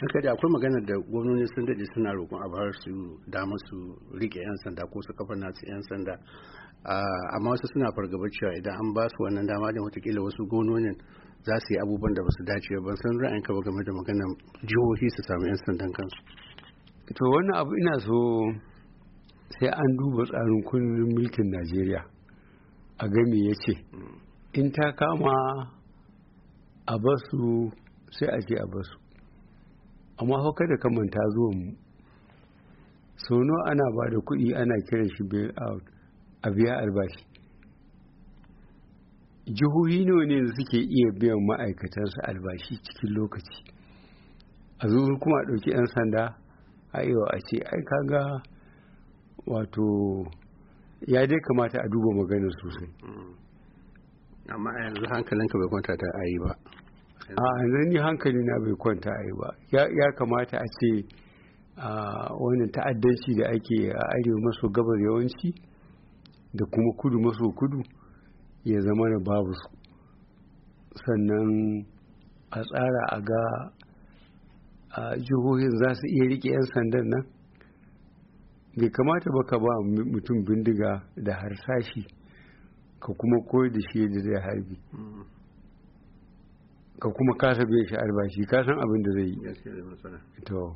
haka da akwai magana da gwamnoni sun daɗe suna roƙon a bar su damar su riƙe 'yan sanda ko su kafa nasu 'yan sanda amma wasu suna fargaba cewa idan an ba su wannan dama da watakila wasu gononin za su yi abubuwan da ba su dace ba ban san ra'ayin ka ba game da maganar jihohi su samu 'yan sandan kansu to wannan abu ina so sai an duba tsarin kundin mulkin najeriya a game ya ce mm. in ta kama a basu sai a ce a basu amma fa da ka manta zuwa mu sono ana ba da kuɗi ana kiran shi bail out a biya albashi jihohi nawa ne suke iya biyan ma'aikatansu albashi cikin lokaci a zuwa kuma ɗauki 'yan sanda a iya a ce ai kaga wato ya dai kamata a duba maganar sosai hmm. amma yanzu hankalinka bai kwanta ta ayi ba a yanzu ni hankali na bai kwanta a yi ba ya kamata a ce wani ta'addanci da ake a arewa maso gabar yawanci da kuma kudu maso kudu ya zama da babu su sannan a tsara a ga a jihohin za su iya rike 'yan sandan nan bai kamata ba ka ba mutum bindiga da harsashi ka kuma koyar da shi da zai harbi mm. ka kuma kasa biyan shi albashi ka san abin da zai yi to